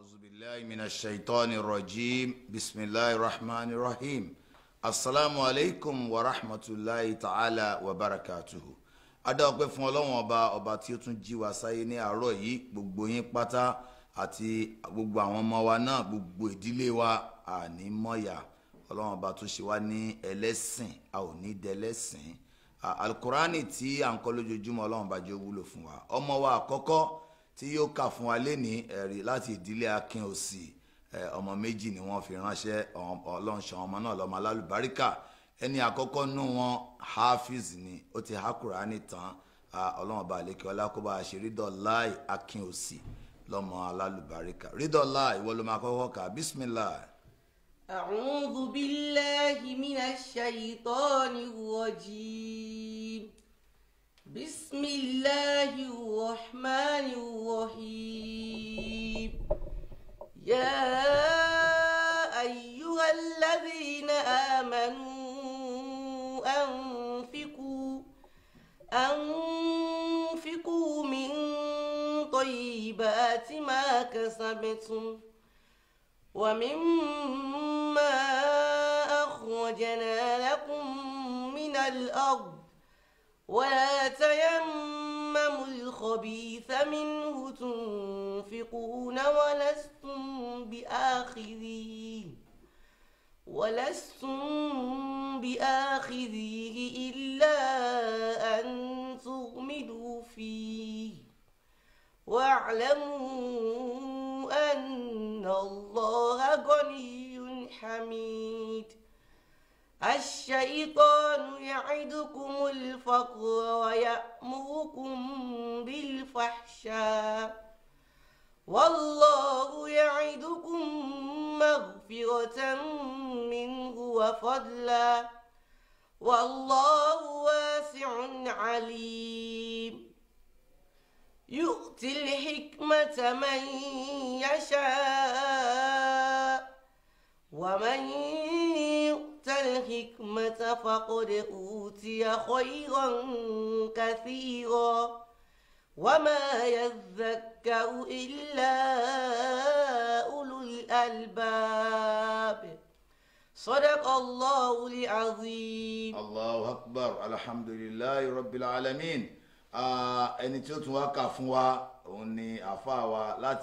أعوذ بالله من الشيطان الرجيم بسم الله الرحمن الرحيم السلام عليكم ورحمة الله تعالى وبركاته adáwọ̀pẹ́ fún ọlọ́run ọba ọba tí ó tún jí wa sáyé ní àárọ̀ yìí gbogbo yín pátá àti gbogbo àwọn ọmọ wa náà gbogbo ìdílé wa àní mọ́yà ọlọ́run ọba tó ṣe wá ní ẹlẹ́sìn a ò ní dẹlẹ́sìn alukurani tí à ń kọ́ lójoojúmọ́ ọlọ́run ọba jẹ́ wúlò fún wa ọmọ wa àkọ́kọ́ tí yóò kà fún wa léni ẹ̀rí láti ìdílé akin òsì ọmọ méjì ni wọ́n fi ránṣẹ́ ọlọ́nṣẹ́ ọmọ náà lọ́mọ alálùbáríkà ẹni àkọ́kọ́ nú wọn hafiz ni ó ti há Kùránì tán ọlọ́run ọba àlékè ọlá ṣe rídọ̀láì akin òsì lọ́mọ alálùbáríkà rídọ̀láì ìwọ ló máa kọ́kọ́ kà bísímìlá. a'udhu billahi minash shaytanir rajim. بسم الله الرحمن الرحيم يا أيها الذين آمنوا أنفقوا أنفقوا من طيبات ما كسبتم ومما أخرجنا لكم من الأرض ولا تيمموا الخبيث منه تنفقون ولستم بآخذيه ولستم بآخذيه إلا أن تغمدوا فيه واعلموا أن الله غني حميد الشيطان يعدكم الفقر ويأمركم بالفحشاء والله يعدكم مغفرة منه وفضلا والله واسع عليم يؤتي الحكمة من يشاء ومن يؤتي الحكمة فقد أوتي خيرا كثيرا وما يذكر إلا أولو الألباب صدق الله العظيم الله أكبر الحمد لله رب العالمين آه، ẹni tí ó tún wá kà fún wa òun ni àfa wa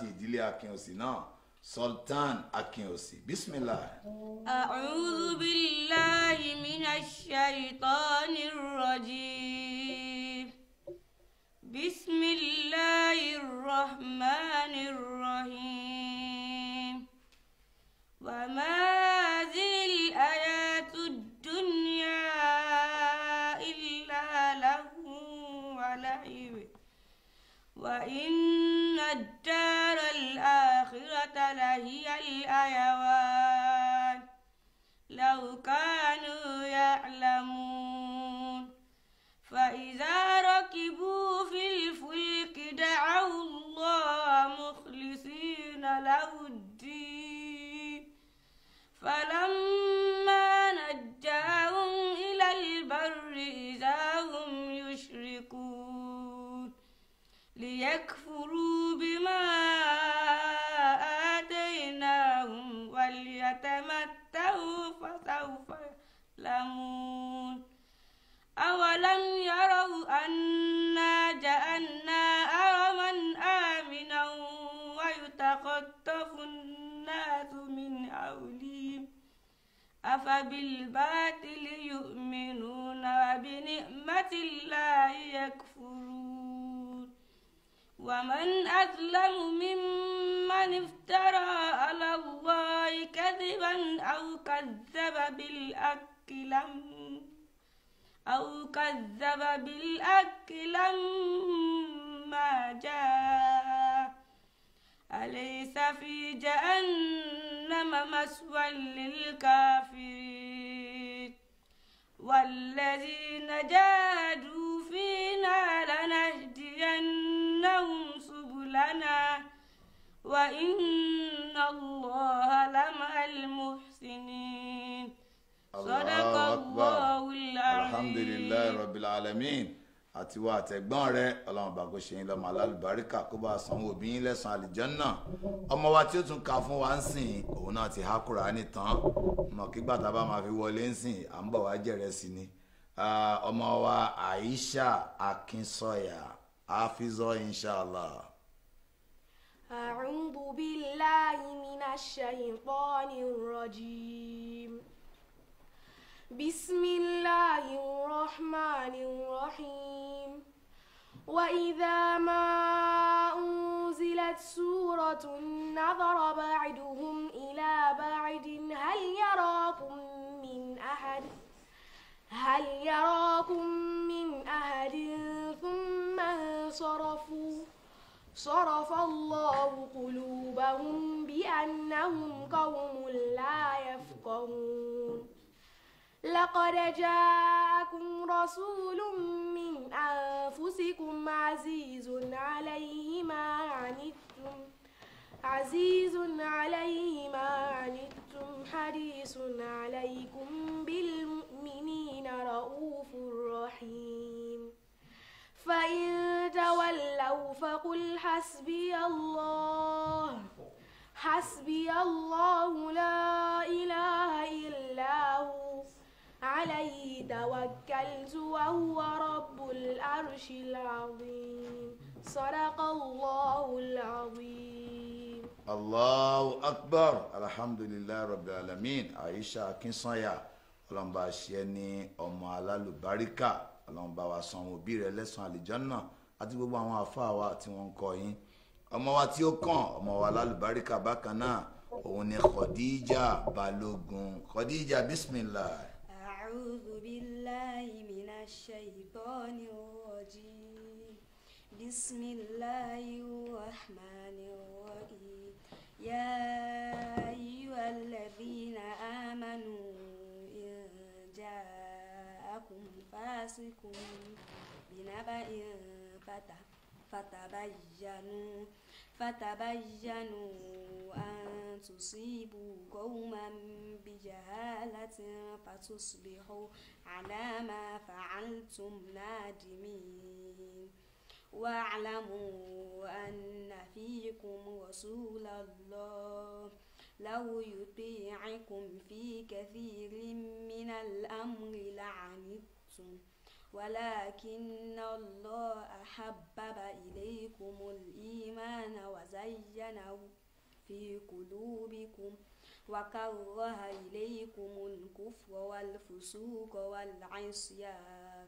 oun Sultan Akinosi. Bismillah. A'udhu billahi minash shaitanir rajim. Bismillahir rahmanir rahim. Wa ma هي الأيوان لو كان يؤمنون وبنعمة الله يكفرون ومن أظلم ممن افترى على الله كذبا أو كذب بالحق لم أو كذب بالحق لما جاء أليس في جهنم مسوى للكافرين والذين جادوا فينا لنهدينهم سبلنا وإن الله لمع المحسنين صدق الله, الله العظيم الحمد لله رب العالمين àtiwá àtẹ̀gbọ́n rẹ ọlọ́run bá kó ṣe yín lọ́mọ alálùbáríkà kó bá sanwó bí yín lẹ́sàn àlìjànnà ọmọ wa tí ó tún ka fún wa ń sìn òun náà ti há Kùránì tán mọ̀ kígbà tá bá máa fi wọlé ń sìn à ń bọ̀ wá jẹ̀rẹ̀ sí ni ọmọ wa Aisha Akínsọ̀yà àfizọ́ inshàlá. A'udhu billahi minash shaytanir rajim. بسم الله الرحمن الرحيم وإذا ما أنزلت سورة نظر بعدهم إلى بعد هل يراكم من أحد هل يراكم من أحد ثم انصرفوا صرف الله قلوبهم بأنهم قوم لا يفقهون ولقد جاءكم رسول من أنفسكم عزيز عليه ما عنتم عزيز عليه ما عنتم حريص عليكم بالمؤمنين رؤوف رحيم فإن تولوا فقل حسبي الله حسبي الله لا إله توكلت وهو رب العرش العظيم صدق الله العظيم الله أكبر الحمد لله رب العالمين عائشة كنصايا ọlọ́run bá ṣe ní ọmọ alálùbáríkà ọlọ́run bá wa san òbí rẹ lẹ́sàn-án àlìjọ́nà àti gbogbo àwọn àfáà wa tí wọ́n ń kọ́ yín ọmọ wa tí ó kàn ọmọ wa alálùbáríkà bákan náà òun ni Khadija Balógun Khadija bismillah. الشيطان الرجيم بسم الله الرحمن الرحيم يا أيها الذين آمنوا إن جاءكم فاسق بنبأ فتح فتبينوا فتبينوا أن تصيبوا قوما بجهالة فتصبحوا على ما فعلتم نادمين واعلموا أن فيكم رسول الله لو يطيعكم في كثير من الأمر لعنتم ولكن الله حبب إليكم الإيمان وزينه في قلوبكم وكره إليكم الكفر والفسوق والعصيان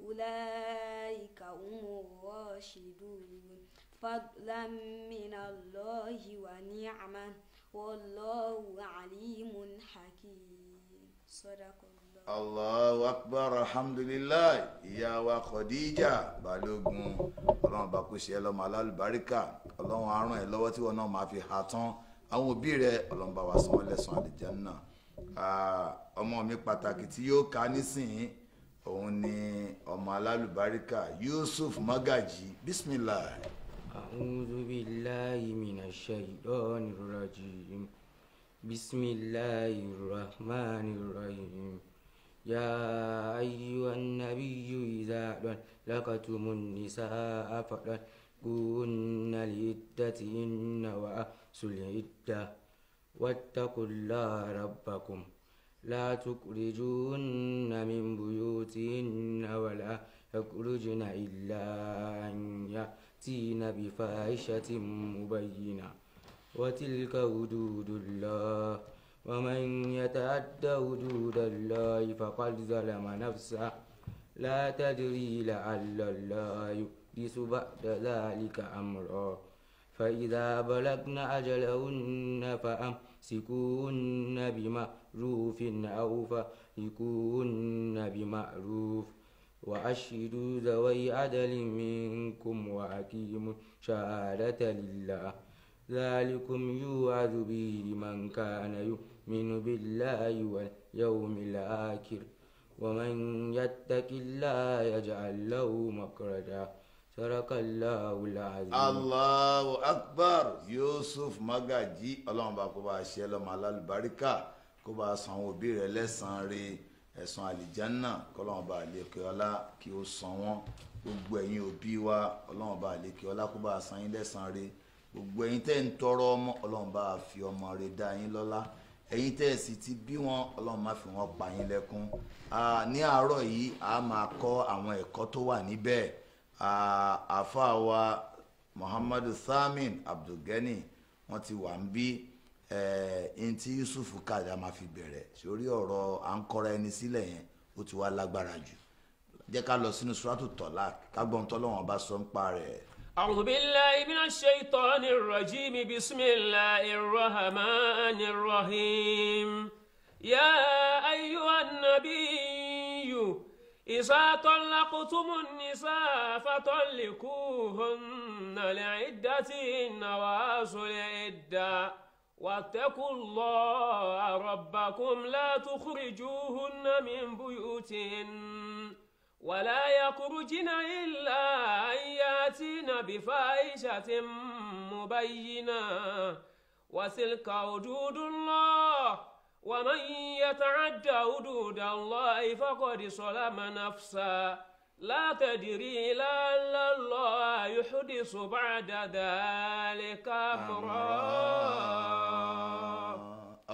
أولئك هم الراشدون فضلا من الله ونعمة والله عليم حكيم صدق الله allahu akbar alhamdulilayi ìyá wa Khadija balógun ọlọ́run bá kó ṣe ẹ lọ́mọ alálùbáríkà ọlọ́run á ràn ẹ́ lọ́wọ́ tí wọn náà máa fi hà tán àwọn òbí rẹ ọlọ́run bá wa san wọ́n lẹ́san àlìjánnà ọmọ mi pàtàkì tí yóò ká nísìnyí òun ni ọmọ alálùbáríkà Yusuf Magaji bismillah. a'udhu billahi minash shaytanir rajim bismillahir rahmanir rahim. يا أيها النبي إذا لقتم النساء فطلقوهن لعدتهن وأحصوا العدة واتقوا الله ربكم لا تخرجون من بيوتهن ولا يخرجن إلا أن يأتين بفاحشة مبينة وتلك حدود الله ومن يتعد وجود الله فقد ظلم نفسه لا تدري لعل الله يحدث بعد ذلك أمرا فإذا بلغن أجلهن فأمسكوهن بمعروف أو فارقوهن بمعروف وأشهدوا ذوي عدل منكم وأقيموا شهادة لله ذلكم يوعد به من كان يؤمن يؤمن بالله واليوم الآخر ومن يتق الله يجعل له مخرجا صدق الله العظيم الله أكبر يوسف Magaji اللهم bá kó bá ṣe lọ́mọ alálùbáríkà kó bá san òbí rẹ̀ lẹ́sàn-án rẹ̀ ẹ̀san àlìjánà kọ́lọ́run bá àlékè ọlá kí ó san wọ́n gbogbo ẹ̀yin òbí wa ọlọ́run bá àlékè ọlá kó bá san yín lẹ́sàn-án rẹ̀ gbogbo ẹ̀yin tẹ́ ń tọrọ ọmọ ọlọ́run bá fi ọmọ rẹ̀ dá yín lọ́lá ẹ̀yin tẹ́ ẹ sì ti bí wọn ọlọ́run má fi wọn pa yín lẹ́kún ní àárọ̀ yìí a máa kọ́ àwọn ẹ̀kọ́ tó wà níbẹ̀ àáfàá wa muhammadu samin abdulgani wọ́n ti wà ń bí ẹ̀ẹ́n tí yusuf kàdá máa fi bẹ̀rẹ̀ sórí ọ̀rọ̀ à ń kọ́ra ẹni sílẹ̀ yẹn ó ti wá lágbára jù jẹ́ ká lọ sínú suratu tọ́lá ká tọ́lọ́wọ́n bá sọ ń pa rẹ̀. أعوذ بالله من الشيطان الرجيم بسم الله الرحمن الرحيم يا أيها النبي إذا طلقتم النساء فطلقوهن لعدتهن وأصل عدة واتقوا الله ربكم لا تخرجوهن من بيوتهن ولا يخرجن إلا بفاحشة مبينة وتلك حدود الله ومن يتعد حدود الله فقد ظلم نفسه لا تدري لعل الله يحدث بعد ذلك أمرا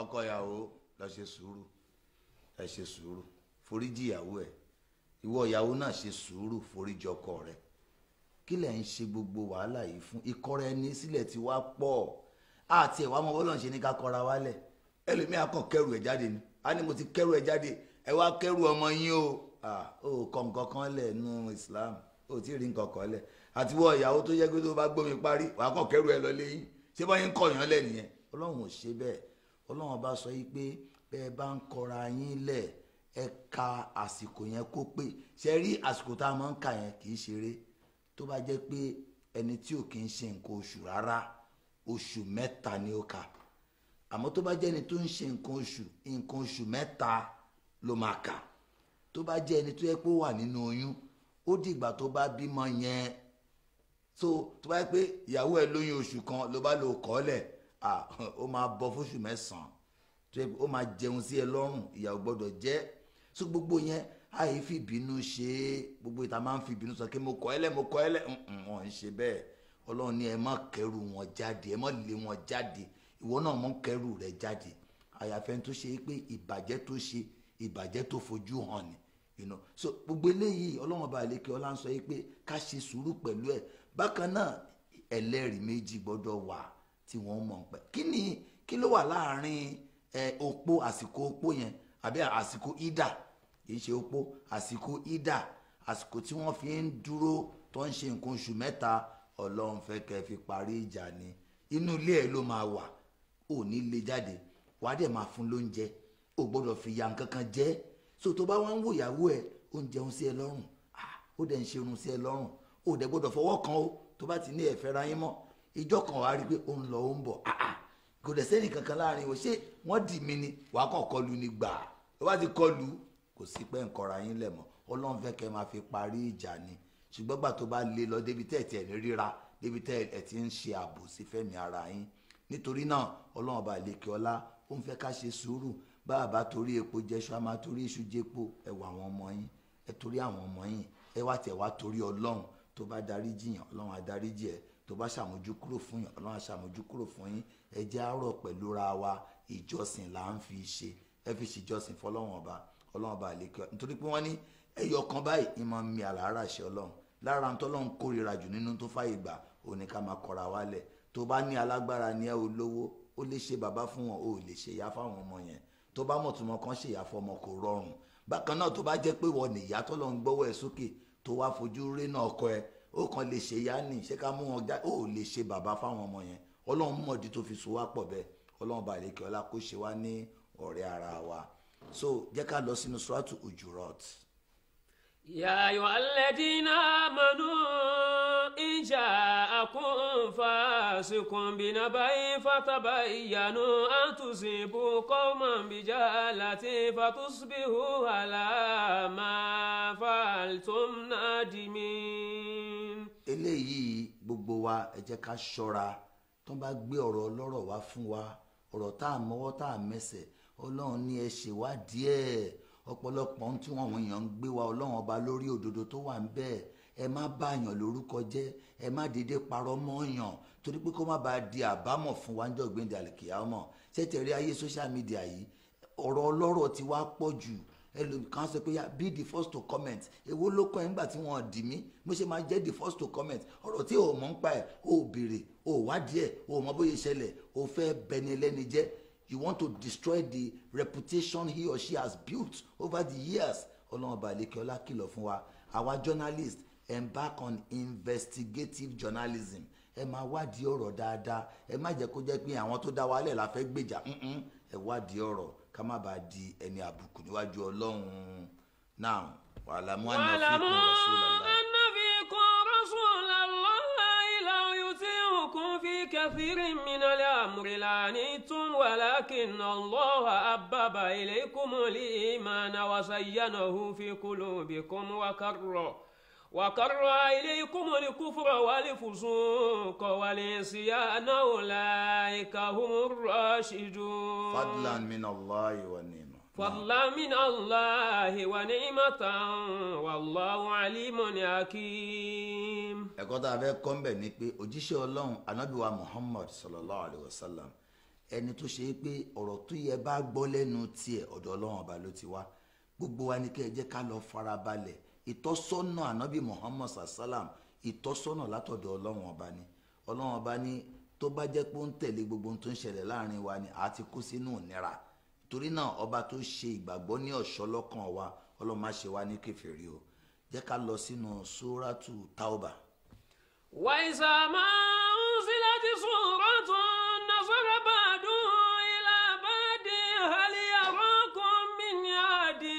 ọkọ ìyàwó lọ ṣe sùúrù ẹ ṣe sùúrù foríjì ìyàwó ẹ ìwọ ìyàwó náà ṣe sùúrù foríjì ọkọ rẹ kí lẹ̀ ń ṣe gbogbo wàhálà yìí fún ìkọrẹ ẹni sílẹ̀ tí wàá pọ̀ àti ẹ̀wà ọmọ bọ́lọ̀ ń ṣe ní ká kọra wálẹ̀ ẹlòmíà kàn kẹrù ẹ̀ jáde ni a ní mo ti kẹrù ẹ̀ jáde ẹ wá kẹrù ọmọ yín o ò kọ nǹkan kan lẹ̀ nínú Islam ò tí ì rí nǹkan kan lẹ̀ àti wọ ìyàwó tó yẹ pé tó bá gbómi parí wàá kàn kẹrù ẹ lọ lẹ́yìn ṣé báyìí ń kọ̀yàn lẹ̀ nìyẹn Ọlọ́run ò ṣe bẹ́ẹ̀ Ọlọ́run bá sọ yìí pé bẹ́ẹ̀ bá ń kọra yín lẹ̀ ẹ ka àsìkò yẹn kó pé ṣe rí àsìkò tá a máa ń kà yẹn kì í ṣeré tó bá jẹ́ pé ẹni tí ò kì í ṣe nǹkan oṣù rárá oṣù mẹ́ta ni ó kà àmọ́ tó bá jẹ́ ẹni tó ń ṣe nǹkan oṣù nǹkan oṣù mẹ́ta ló máa kà tó bá jẹ́ ẹni tó yẹ pé ó wà nínú oyún ó dìgbà tó bá bímọ yẹn so tó bá yẹ pé ìyàwó ẹ lóyún oṣù kan ló bá lò kọ́lẹ̀ ó máa bọ fóṣù mẹ́sàn-án ó máa jẹun sí ẹ lọ́rùn ìyàwó gbọ́dọ̀ jẹ́ so gbogbo yẹn àyè fi bínú ṣe é gbogbo ìta máa ń fi bínú sọ kí mo kọ ẹ mo kọ ẹ wọn ń ṣe bẹ́ẹ̀ Ọlọ́run ni ẹ má kẹrù wọn jáde ẹ má lé wọn jáde ìwọ náà mọ kẹrù rẹ jáde àyàfẹ́ tó ṣe pé ìbàjẹ́ tó ṣe ìbàjẹ́ tó fojú hàn ni you know so gbogbo eléyìí Ọlọ́run ọba àlekè ọlá ń sọ pé ká ṣe sùúrù pẹ̀lú ẹ bákan náà ẹlẹ́rìí méjì gbọ́dọ̀ wà tí wọ́n mọ̀ pẹ́ kí ni kí ló wà láàárín ẹ òpó àsìkò òpó yẹn àbí àsìkò ìdá kì í ṣe opó àsìkò ida àsìkò tí wọ́n fi ń dúró tó ń ṣe nǹkan oṣù mẹ́ta ọlọ́run fẹ́ kẹ́ fi parí ìjà ni inú ilé ẹ̀ ló máa wà ò ní lè jáde wàá dẹ̀ máa fún lóúnjẹ ò gbọ́dọ̀ fi ya nǹkan kan jẹ so tó bá wá ń wò ìyàwó ẹ̀ ó ń jẹun sí ẹ lọ́rùn ó dẹ̀ ń ṣerun sí ẹ lọ́rùn ó dẹ̀ gbọ́dọ̀ fọwọ́ kan o tó bá ti ní ẹ̀fẹ́ ra yín mọ́ ìjọ kan wàá rí i pé ó ń lọ ó ń bọ̀ kò dẹ̀ sẹ́ni kankan láàrin o ṣé wọ́n dì mí ni wàá kàn kọlu ni gbà tó bá ti kọlu kò sí pé nkọra yín lẹ̀ mọ́ ọlọ́run fẹ́ kẹ́ máa fi parí ìjà ni ṣùgbọ́n gbà tó bá lé lọ débi tẹ́ ẹ̀ tiẹ̀ ní ríra débi tẹ́ ẹ̀ ti ń ṣe ààbò sí fẹ́mi ara yín nítorí náà ọlọ́run ọba ìlẹ̀kẹ ọlá ó ń fẹ́ ká ṣe sùúrù bá a bá torí epo jẹṣu a máa torí iṣu jẹpo ẹ wà àwọn ọmọ yín ẹ torí àwọn ọmọ yín ẹ wá tẹ̀ wá torí ọlọ́run tó bá darí jiyàn ọlọ́run á darí tó bá ṣàmójú kúrò fún yàn ọlọ́run á kúrò fún yín ẹ jẹ́ àárọ̀ pẹ̀lú ra wa ìjọsìn là ń fi ṣe ẹ fi ṣèjọsìn fọlọ́run ọba ọlọ́run ọba àlekọ nítorí pé wọ́n ní ẹyọ kan báyìí ìmọ̀ mi àlàárà ṣe ọlọ́run lára ń tọ́lọ́run kórìíra jù nínú tó fàyè gbà ò ní ká máa kọra wálẹ̀ tó bá ní alágbára ni ẹ ò lówó ó lè ṣe bàbá fún wọn ò lè ṣèyá fáwọn ọmọ yẹn tó bá mọ̀ tó mọ̀ kán ṣèyá fọmọ kò rọrùn bákan náà tó bá jẹ́ pé wọ́n nìyá tọ́lọ́run gbọ́wọ́ ẹ̀ sókè tó wá fojú rí náà kọ ẹ ó kàn lè ṣèyá nì ṣé ká mú wọn já ó lè ṣe bàbá fáwọn ọmọ yẹn ọlọ́run mọ̀ọ́dí tó fi so wá pọ̀ bẹ́ẹ̀ ọlọ́run bàlẹ́ ọlá kó ṣe wá ní ọ̀rẹ́ ara wa so jẹ́ ká lọ sínú suratu ujurat. Ya ayyuhalladhina amanu in ja'akum fasiqun binaba'in fatabayyanu an tusibu qawman bijahalatin fatusbihu ala ma fa'altum nadimin. eléyìí gbogbo wa ẹ jẹ́ ká ṣọ́ra tó bá gbé ọ̀rọ̀ ọlọ́rọ̀ wá fún wa ọ̀rọ̀ tá a mọ́wọ́ tá a mẹsẹ̀ ọlọ́run ní ẹ ṣèwádìí ẹ̀ ọ̀pọ̀lọpọ̀ ohun tí wọ́n èèyàn ń gbé wa ọlọ́run ọba lórí òdodo tó wà ń bẹ̀ ẹ má báyàn lórúkọ jẹ́ ẹ má dédé parọ́ mọ́yàn torí pé kó má bàa di àbámọ̀ fún wa níjọ́ gbẹ̀ndẹ̀ àlìkìyàmọ̀ ṣẹ́tẹ̀rí ayé social media yìí ọ̀rọ̀ ọlọ́rọ̀ ti wá pọ̀ jù ẹlòmíkan sọ pé ah, be the first to comment èwo ló kọ́ ẹ̀ tí wọ́n dì mí mo ṣe máa jẹ́ the first to comment ọ̀rọ̀ tí o mọ̀ ń pa ẹ̀ o béèrè o wádìí ẹ̀ o mọ bóyá ìṣẹ̀lẹ̀ o fẹ́ bẹni ẹlẹ́ni jẹ́ you want to destroy the reputation he or she has built over the years ọlọ́run ọba àlekèọlá kìlọ̀ fún wa àwa journalist embark on investigative journalism ẹ máa wádìí ọ̀rọ̀ dáadáa ẹ má jẹ́ kó jẹ́ pé àwọn tó dá wálẹ̀ la fẹ́ gbèjà ẹ wádìí ọ̀rọ̀ ká má bàa di ẹni àbùkù níwájú ọlọ́run náà wàhálà mú àná fún ìkọ̀rọ̀ sí ìlànà. ربكم في كثير من الأمر لعنتم ولكن الله أبب إليكم الإيمان وزينه في قلوبكم وكره وكره إليكم الكفر والفسوق والعصيان أولئك هم الراشدون فضلا من الله والنعمة فضلا من الله ونعمة والله عليم حكيم. ẹ̀kọ́ tá a fẹ́ kọ́ ń bẹ̀ ni pé òjíṣẹ́ ọlọ́run anábìwá muhammad sallallahu alayhi wa sallam ẹni tó ṣe é pé ọ̀rọ̀ tó yẹ bá gbọ́ lẹ́nu tiẹ̀ ọ̀dọ̀ ọlọ́run ọba ló ti wá gbogbo wa ni kẹ́ ẹ jẹ́ ká lọ farabalẹ̀ ìtọ́sọ́nà anábì muhammad sallam ìtọ́sọ́nà látọ̀dọ̀ ọlọ́run ọba ni ọlọ́run ọba ni tó bá jẹ́ pé ó ń tẹ̀lé gbogbo ohun tó ń ṣẹlẹ̀ láàrin wa ni àá ti kó sínú ìnira torí náà ọba tó ṣe ìgbàgbọ́ ní ọ̀ṣọ́ lọ́kàn wa ọlọ́run má ṣe wá ní kèfèrí o jẹ́ ká lọ sínú sóràtù tauba. wà ìsàmà ń sílẹ̀ ti sùn rọ́tún nasọ́rọ̀ bá a dùn ilà bá a di haliya rọ́kùn mi ní àdì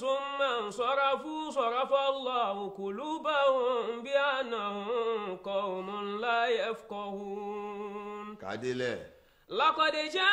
sùnmọ̀ sọ̀rọ̀ fún sọ̀rọ̀ fọlọ́ òkùlù bá òun bí àná òun kọ́ òun láyé kọ́ òun. kàdílẹ̀. lọ́kọ̀dé jẹ́.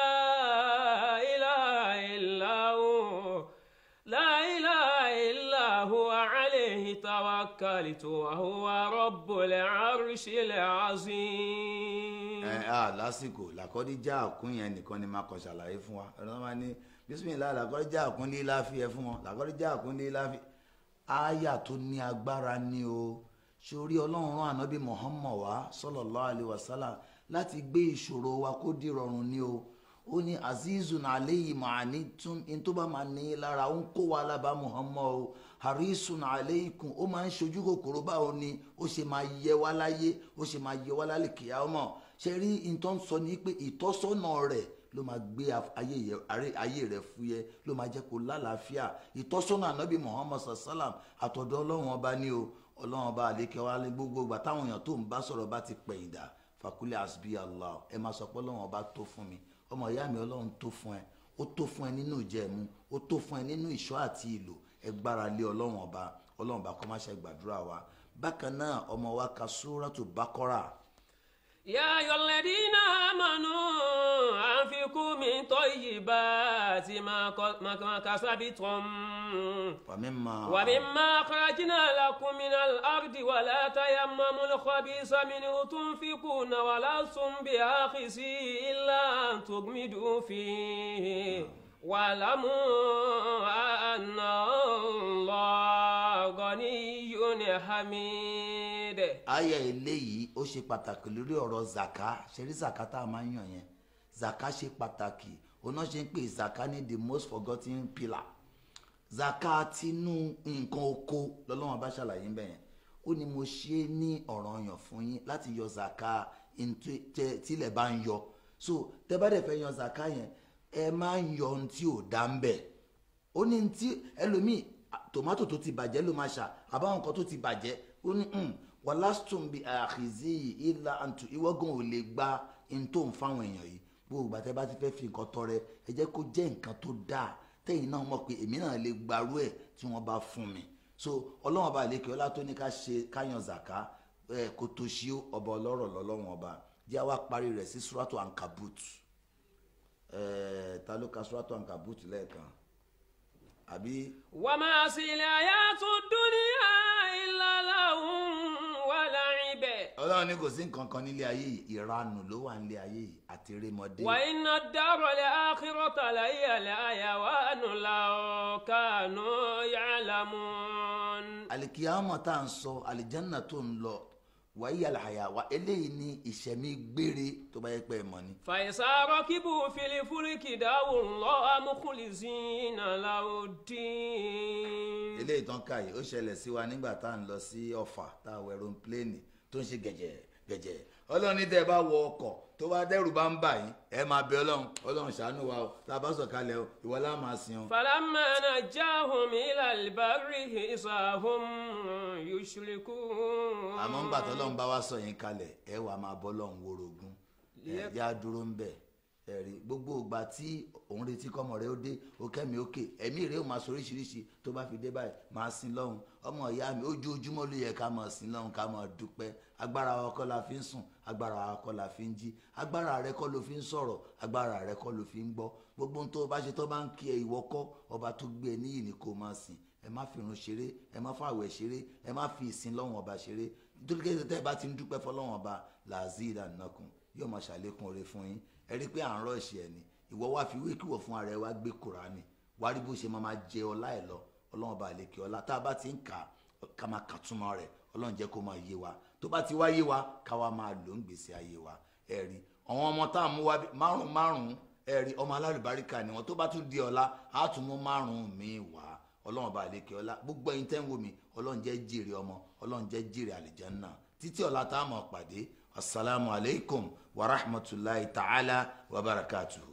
توكلت وهو رب العرش العظيم. ẹ á lásìkò làkọ́díjà àkún yẹn nìkan ni máa kọ ṣàlàyé fún wa ẹ̀rọ máa ní bísímìlá làkọ́díjà àkún ní láfíẹ́ fún wọn làkọ́díjà àkún ní láfíẹ́ áyà tó ní agbára ni o sórí ọlọ́run rán ànábì Muhammad wá sallallahu alaihi láti gbé ìṣòro wa kó dìrọ̀rùn ni o ó ní azizun aleyhi maani tún in tó bá máa ní lára ó ń kó wa alábàá muhammad o harisun aleikum ó máa ń ṣojú kòkòrò báwo ni ó ṣe máa yẹ wá láyé ó ṣe máa yẹ wá lálẹ́ kìá ọmọ ṣe rí nǹkan sọ ni pé ìtọ́sọ́nà rẹ̀ ló máa gbé ayé rẹ̀ fúyẹ́ ló máa jẹ́ kó lálàáfíà ìtọ́sọ́nà ànábì muhammad sallam àtọ̀dọ̀ ọlọ́run ọba ní o ọlọ́run ọba àlékẹ́wá ní gbogbo ìgbà táwọn èèyàn tó ń bá sọ̀rọ̀ bá ti pẹ̀yìndà fàkúlẹ̀ asbi allah ẹ máa sọ pé ọlọ́run ọba tó fún mi ọmọ ìyá mi ọlọ́run tó fún ẹ ó tó fún ẹ nínú ìjẹ̀mú ó tó fún ẹ nínú ìṣọ́ àti ìlò ẹ lé ọlọ́run ọba ọlọ́run ọba kó gbàdúrà wa bákan náà ọmọ wa ka súrátù bákọ́rà يا أيها الذين آمنوا أنفقوا من طيبات ما كسبتم ومما ومما أخرجنا لكم من الأرض ولا تيمموا الخبيث منه تنفقون ولستم بآخذي إلا أن تغمدوا فيه واعلموا أن الله غني حميد àyà eléyìí ó ṣe pàtàkì lórí ọ̀rọ̀ zaka ṣeré zaka tá a máa ń yàn yẹn zaka ṣe pàtàkì oná ṣe ń pè zaka ní the most forgotten pillar zaka tinú nǹkan oko lọ́lọ́wọ́n bá ṣàlàyé ń bẹ̀ yẹn ó ní mo ṣe é ní ọ̀ranyàn fún yín láti yọ zaka tílẹ̀ bá ń yọ so tẹ́ bá dẹ̀ fẹ́ yan zaka yẹn ẹ máa ń yọ ohun tí ò dá ń bẹ̀ ó ní ti ẹlòmíì tòmátò tó ti bàjẹ́ ló máa ṣà àbáwọn nǹkan tó ti bàjẹ́ ó ní hmm, wàlásùn bíi àkìzí ìlà àǹtù ìwọ́gùn ò lè gba in tó ń fáwọn èèyàn yìí gbogbo àtẹ bá ti fẹ́ fi nǹkan tọrẹ ẹ jẹ́ kó jẹ́ nǹkan tó dáa tẹ́yìn náà mọ̀ pé èmi náà lè gbarú ẹ̀ tí wọ́n bá fún mi so ọlọ́run ọba àlekè ọlá tó ní ká ṣe káyàn zàká ẹ kó tó ṣí ọba ọlọ́rọ̀ lọ́lọ́run ọba jẹ́ àwa parí rẹ̀ sí suratu ankabut ẹ ta ló ka suratu ankabut lẹ́ẹ̀kan àbí. wàmásílẹ̀ ayatu dunya ìlàlá ọlọ́run ní kò sí nǹkan kan nílé ayé yìí ìranù ló wà nílé ayé yìí àti rémọdé. wà iná dárọ̀ lẹ́ àkírọ̀tà láyé àlẹ́ àyàwó ànúlá ọ̀kánú yàlámù. alikiyama tá à ń sọ alijanna tó ń lọ wàyí àlàyàwá eléyìí ni ìṣẹ̀mí gbére tó bá yẹ pé ẹ mọ̀ ni. fàìsàrọ kíbu filifuriki dáwò ńlọ amúkúlìsínà láòdì. eléyìí tán ká ó ṣẹlẹ̀ sí wa nígbà tá à ń lọ sí ọ̀fà tá a wọ pléènì tó ń ṣe gẹ̀jẹ̀ gẹ̀jẹ̀ ọlọ́run ní tẹ́ ẹ bá wọ ọkọ̀ tó bá dẹ́rù bá ń bà yín ẹ máa bẹ ọlọ́run ọlọ́run ṣàánú wa o tá sọ̀kalẹ̀ o ìwọ la máa sìn o. falamma najjahum ila al-barri isahum yushrikun. àmọ́ ń gbà tọ́lọ́run bá wá sọ yín kalẹ̀ ẹ wàá máa bọ́ ọlọ́run worogún ẹ̀ yá dúró ń bẹ̀ ẹ̀rí gbogbo ìgbà tí òun retí kọ́mọ rẹ̀ ó dé ó kẹ́mi ókè ẹ̀mí rẹ̀ ó máa sọ oríṣiríṣi tó bá fi dé báyìí máa sin lọ́hùn ọmọ ìyá mi ojoojúmọ́ ló yẹ ká máa sin lọ́hùn ká máa dúpẹ́ agbára wa kọ́ la fi ń sùn agbára wa kọ́ la fi ń jí agbára rẹ kọ́ ló fi ń sọ̀rọ̀ agbára rẹ kọ́ ló fi ń gbọ́ gbogbo ohun tó bá ṣe tó bá ń kí ẹ ìwọ kọ́ ọba tó gbé ẹ níyì ni kó máa sìn ẹ má fi ṣeré ẹ má fa àwẹ̀ ṣeré ẹ má fi ìsìn lọ́hùn ọba ṣeré nítorí kí ẹ tẹ́ ẹ bá ti ń dúpẹ́ fọlọ́hùn ọba làzí ìdánilọ́kùn yóò máa ṣàlékún oore fún yín ẹ rí i pé à ń rọ́ọ̀ṣì ẹ ni ìwọ wá fi wíkìwọ̀ fún ara ẹ wá gbé kùránì wá rí bó ṣe máa máa jẹ ọlá ẹ lọ ọlọ́run bá lè kí ọlá tá a bá ti ń kà ká máa kà túmọ̀ rẹ̀ ọlọ́run jẹ́ kó máa yé wa tó bá ti wá yé wa ká wá máa lò ń gbèsè ayé wa ẹ rí àwọn ọmọ tá à ń mú wá márùn márùn ẹ rí ọmọ alálùbáríkà ni wọn tó bá tún di ọ̀la á tún mú márùn míì wá ọlọ́run bá lè kí ọlá gbogbo ẹ̀yin tẹ́ ń wò mí ọlọ́run jẹ́ jèrè ọmọ ọlọ́run jẹ́ jèrè àlìjànnà títí ọ̀la tá a máa pàdé السلام عليكم ورحمة الله تعالى وبركاته